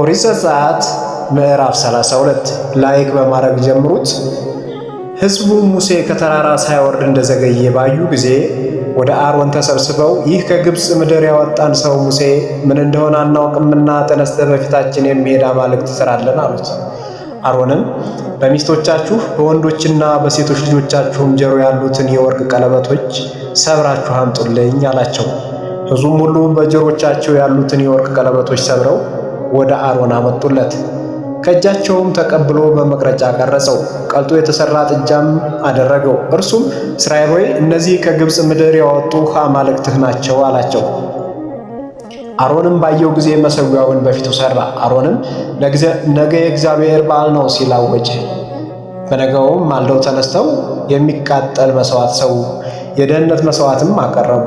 ኦሪት ዘጸአት ምዕራፍ 32 ላይክ በማድረግ ጀምሩት። ሕዝቡ ሙሴ ከተራራ ሳይወርድ እንደዘገየ ባዩ ጊዜ ወደ አሮን ተሰብስበው ይህ ከግብፅ ምድር ያወጣን ሰው ሙሴ ምን እንደሆነ አናውቅምና ተነስተ በፊታችን የሚሄድ አማልክት ትሰራለን አሉት። አሮንም በሚስቶቻችሁ በወንዶችና በሴቶች ልጆቻችሁም ጆሮ ያሉትን የወርቅ ቀለበቶች ሰብራችሁ አምጡልኝ አላቸው። ሕዝቡም ሁሉ በጆሮቻቸው ያሉትን የወርቅ ቀለበቶች ሰብረው ወደ አሮን አመጡለት። ከእጃቸውም ተቀብሎ በመቅረጫ ቀረጸው፣ ቀልጦ የተሰራ ጥጃም አደረገው። እርሱም እስራኤል ሆይ እነዚህ ከግብፅ ምድር ያወጡ አማልክትህ ናቸው አላቸው። አሮንም ባየው ጊዜ መሰዊያውን በፊቱ ሠራ። አሮንም ነገ የእግዚአብሔር በዓል ነው ሲል አወጀ። በነገውም ማልደው ተነስተው የሚቃጠል መሥዋዕት ሰው የደህንነት መሥዋዕትም አቀረቡ።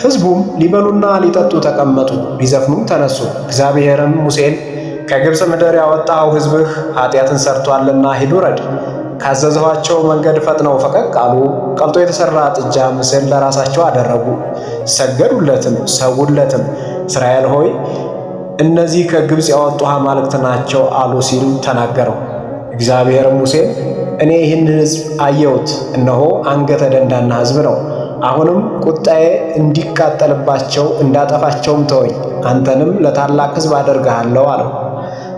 ሕዝቡም ሊበሉና ሊጠጡ ተቀመጡ፣ ሊዘፍኑም ተነሱ። እግዚአብሔርም ሙሴን ከግብፅ ምድር ያወጣው ሕዝብህ ኃጢአትን ሰርቷልና ሂድ ውረድ። ካዘዘኋቸው መንገድ ፈጥነው ፈቀቅ አሉ። ቀልጦ የተሠራ ጥጃ ምስል ለራሳቸው አደረጉ፣ ሰገዱለትም፣ ሰውለትም። እስራኤል ሆይ እነዚህ ከግብፅ ያወጡ አማልክት ናቸው አሉ ሲል ተናገረው። እግዚአብሔርም ሙሴን እኔ ይህን ሕዝብ አየሁት፣ እነሆ አንገተ ደንዳና ሕዝብ ነው አሁንም ቁጣዬ እንዲቃጠልባቸው እንዳጠፋቸውም ተወኝ፣ አንተንም ለታላቅ ሕዝብ አደርግሃለሁ አለው።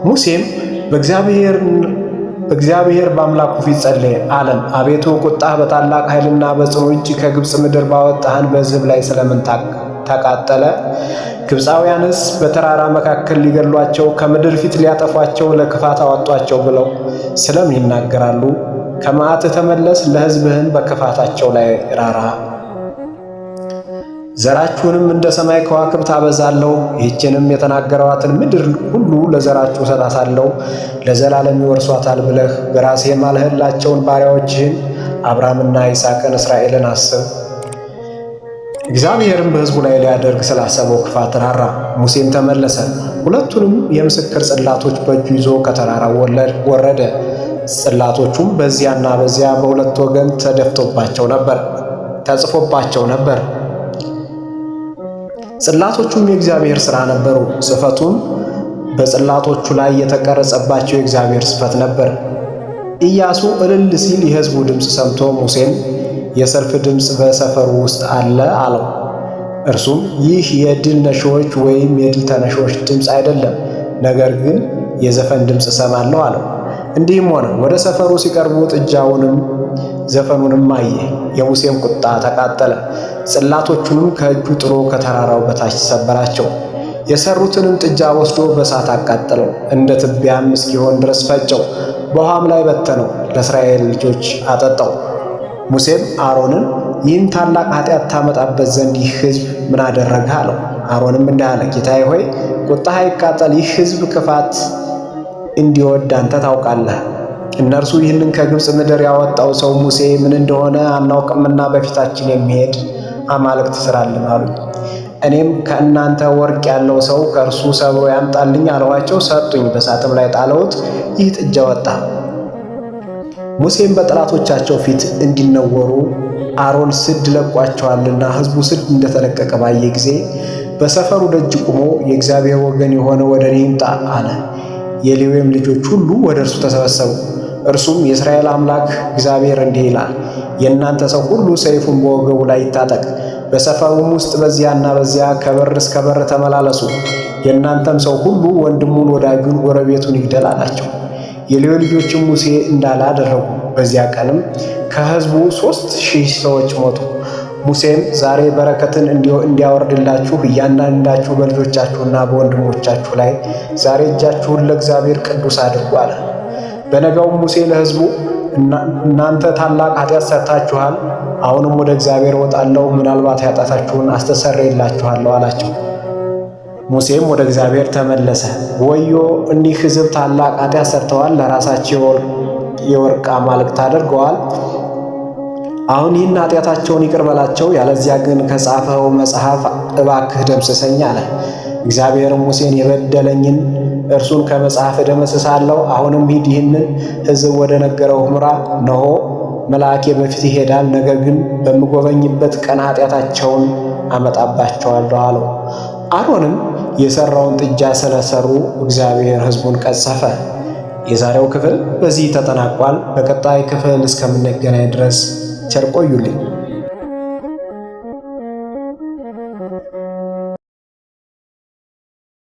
ሙሴም በእግዚአብሔር በአምላኩ ፊት ጸለየ፣ አለም አቤቱ ቁጣህ በታላቅ ኃይልና በጽኑ እጅ ከግብፅ ምድር ባወጣህን በሕዝብ ላይ ስለምን ተቃጠለ? ግብፃውያንስ በተራራ መካከል ሊገሏቸው ከምድር ፊት ሊያጠፏቸው ለክፋት አወጧቸው ብለው ስለምን ይናገራሉ? ከመዓት ተመለስ፣ ለሕዝብህን በክፋታቸው ላይ ራራ ዘራችሁንም እንደ ሰማይ ከዋክብት አበዛለሁ፣ ይህችንም የተናገረዋትን ምድር ሁሉ ለዘራችሁ እሰጣታለሁ፣ ለዘላለም ይወርሷታል ብለህ በራሴ ማልህላቸውን ባሪያዎችህን አብርሃምና ይስሐቅን እስራኤልን አስብ። እግዚአብሔርም በሕዝቡ ላይ ሊያደርግ ስላሰበው ክፋት ራራ። ሙሴም ተመለሰ፣ ሁለቱንም የምስክር ጽላቶች በእጁ ይዞ ከተራራው ወረደ። ጽላቶቹም በዚያና በዚያ በሁለት ወገን ተደፍቶባቸው ነበር ተጽፎባቸው ነበር። ጽላቶቹም የእግዚአብሔር ሥራ ነበሩ። ስፈቱም በጽላቶቹ ላይ የተቀረጸባቸው የእግዚአብሔር ስፈት ነበር። ኢያሱ እልል ሲል የሕዝቡ ድምፅ ሰምቶ ሙሴን የሰልፍ ድምፅ በሰፈሩ ውስጥ አለ አለው። እርሱም ይህ የድል ነሾዎች ወይም የድል ተነሾዎች ድምፅ አይደለም፣ ነገር ግን የዘፈን ድምፅ እሰማለሁ አለው። እንዲህም ሆነ። ወደ ሰፈሩ ሲቀርቡ ጥጃውንም ዘፈኑንም አየ። የሙሴም ቁጣ ተቃጠለ፣ ጽላቶቹንም ከእጁ ጥሎ ከተራራው በታች ሰበራቸው። የሰሩትንም ጥጃ ወስዶ በእሳት አቃጠለው፣ እንደ ትቢያም እስኪሆን ድረስ ፈጨው፣ በውሃም ላይ በተነው፣ ለእስራኤል ልጆች አጠጣው። ሙሴም አሮንን ይህን ታላቅ ኃጢአት ታመጣበት ዘንድ ይህ ሕዝብ ምን አደረገ? አለው። አሮንም እንዲህ አለ፣ ጌታዬ ሆይ ቁጣህ ይቃጠል፣ ይህ ሕዝብ ክፋት እንዲወድ አንተ ታውቃለህ እነርሱ ይህንን ከግብፅ ምድር ያወጣው ሰው ሙሴ ምን እንደሆነ አናውቅምና በፊታችን የሚሄድ አማልክት ስራልን አሉ። እኔም ከእናንተ ወርቅ ያለው ሰው ከእርሱ ሰብሮ ያምጣልኝ አለኋቸው። ሰጡኝ፣ በሳጥን ላይ ጣለውት፣ ይህ ጥጃ ወጣ። ሙሴም በጠላቶቻቸው ፊት እንዲነወሩ አሮን ስድ ለቋቸዋልና ሕዝቡ ስድ እንደተለቀቀ ባየ ጊዜ በሰፈሩ ደጅ ቆሞ የእግዚአብሔር ወገን የሆነ ወደ እኔ ይምጣ አለ። የሌዊም ልጆች ሁሉ ወደ እርሱ ተሰበሰቡ። እርሱም የእስራኤል አምላክ እግዚአብሔር እንዲህ ይላል፣ የእናንተ ሰው ሁሉ ሰይፉን በወገቡ ላይ ይታጠቅ፣ በሰፈሩም ውስጥ በዚያና በዚያ ከበር እስከ በር ተመላለሱ፣ የእናንተም ሰው ሁሉ ወንድሙን፣ ወዳጁን፣ ጎረቤቱን ይግደል አላቸው። የሌዊ ልጆችም ሙሴ እንዳለ አደረጉ። በዚያ ቀንም ከሕዝቡ ሦስት ሺህ ሰዎች ሞቱ። ሙሴም ዛሬ በረከትን እንዲያወርድላችሁ እያንዳንዳችሁ በልጆቻችሁና በወንድሞቻችሁ ላይ ዛሬ እጃችሁን ለእግዚአብሔር ቅዱስ አድርጉ አለ። በነጋውም ሙሴ ለሕዝቡ እናንተ ታላቅ ኃጢአት ሰርታችኋል፣ አሁንም ወደ እግዚአብሔር እወጣለሁ፣ ምናልባት ኃጢአታችሁን አስተሰረይላችኋለሁ አላቸው። ሙሴም ወደ እግዚአብሔር ተመለሰ። ወዮ እኒህ ሕዝብ ታላቅ ኃጢአት ሰርተዋል፣ ለራሳቸው የወርቅ አማልክት አድርገዋል። አሁን ይህን ኃጢአታቸውን ይቅር በላቸው፣ ያለዚያ ግን ከጻፈው መጽሐፍ እባክህ ደምስሰኝ አለ። እግዚአብሔርም ሙሴን የበደለኝን እርሱን ከመጽሐፍ እደመስሳለሁ። አሁንም ሂድ፣ ይህንን ሕዝብ ወደ ነገረው ምራ። ነሆ መልአኬ በፊት ይሄዳል፣ ነገር ግን በምጎበኝበት ቀን ኃጢአታቸውን አመጣባቸዋለሁ አለው። አሮንም የሠራውን ጥጃ ስለሰሩ እግዚአብሔር ሕዝቡን ቀጸፈ። የዛሬው ክፍል በዚህ ተጠናቋል። በቀጣይ ክፍል እስከምንገናኝ ድረስ ቸር ቆዩልኝ።